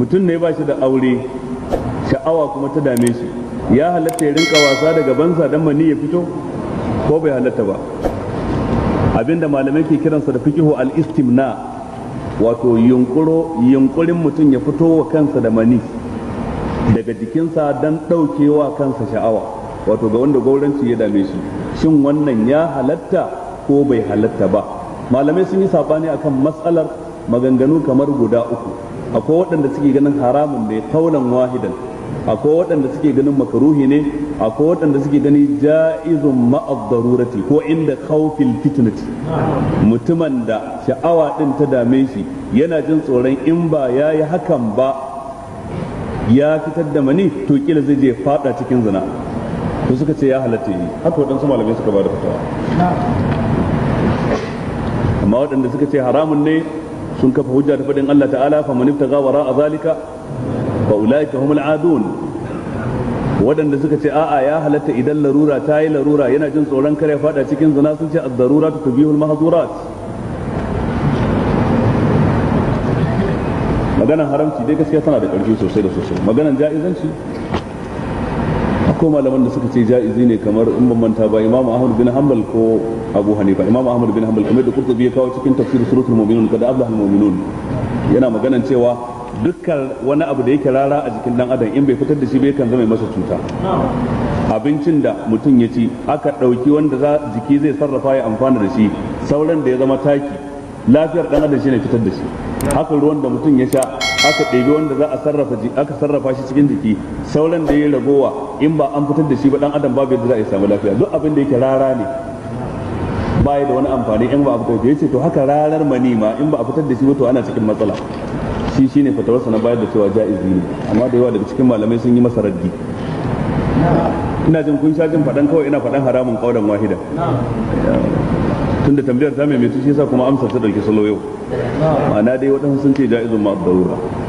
mutum ne ba shi da aure sha'awa kuma ta dame shi ya halatta ya rinka wasa daga gabansa don mani ya fito ko bai halatta ba abinda malamai ke kiransa da fikihu al-istimna wato yunkuro yunkurin mutum ya fito wa kansa da mani daga jikinsa dan ɗaukewa kansa sha'awa wato ga wanda gauranci ya dame shi shin wannan ya halatta ko bai halatta ba malamai sun yi saɓani akan matsalar maganganu kamar guda uku akwai waɗanda suke ganin haramun ne kaunan wahidan akwai waɗanda suke ganin makaruhi ne akwai waɗanda suke ganin ja'izun ma'ab ko inda khawfil fitnati mutumin da sha'awa ɗin ta dame shi yana jin tsoron in ba ya yi hakan ba ya fitar da mani to kila zai je fada cikin zina to suka ce ya halatta yi haka waɗansu malamai suka ba da fitawa amma waɗanda suka ce haramun ne sun kafa hujja ta faɗin Allah ta'ala fa man ibtaga wara azalika fa ulaika humul adun waɗanda suka ce a'a ya halatta idan larura ta yi larura yana jin tsoron kare fada cikin zina sun ce ad-daruratu tubihul mahzurat maganan haramci dai gaskiya tana da ƙarfi sosai da sosai maganan ja'izanci ko malaman da suka ce ja'izi ne kamar in ban manta ba Imam Ahmad bin Hanbal ko Abu Hanifa Imam Ahmad bin Hanbal kamar da Qurtubi ya kawo cikin tafsir suratul mu'minun kada al mu'minun yana maganan cewa dukkan wani abu da yake rara a jikin dan adam in bai fitar da shi bai kan zama masa cuta abincin da mutum ya ci aka dauki wanda jiki zai sarrafa ya amfana da shi sauran da ya zama taki lafiyar dan adam shine fitar da shi haka ruwan da mutum ya sha aka ɗebi wanda za a sarrafa aka sarrafa shi cikin jiki sauran da ya ragowa in ba an fitar da shi ba dan adam babu yadda za a samu lafiya duk abin da yake rara ne baya da wani amfani in ba a fitar da yace to haka rarar mani ma in ba a fitar da shi ba to ana cikin matsala shi shine fatawarsa na bayar da cewa ja'izi ne amma da yawa daga cikin malamai sun yi masa raddi ina jin kun sha jin faɗan kawai ina faɗan haramun kaudan wahida tunda tambayar ta mai mai shi yasa kuma amsa ta dauke salo yau ma'ana dai waɗansu sun ce ja'izun ma'a darura